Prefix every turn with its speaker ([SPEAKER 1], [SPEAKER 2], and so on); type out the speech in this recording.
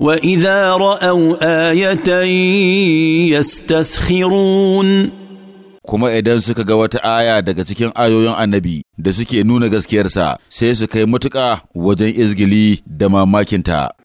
[SPEAKER 1] واذا راوا ايه يستسخرون kuma idan suka ga wata aya daga cikin ayoyin annabi da suke nuna gaskiyarsa sai su kai matuƙa wajen izgili da mamakinta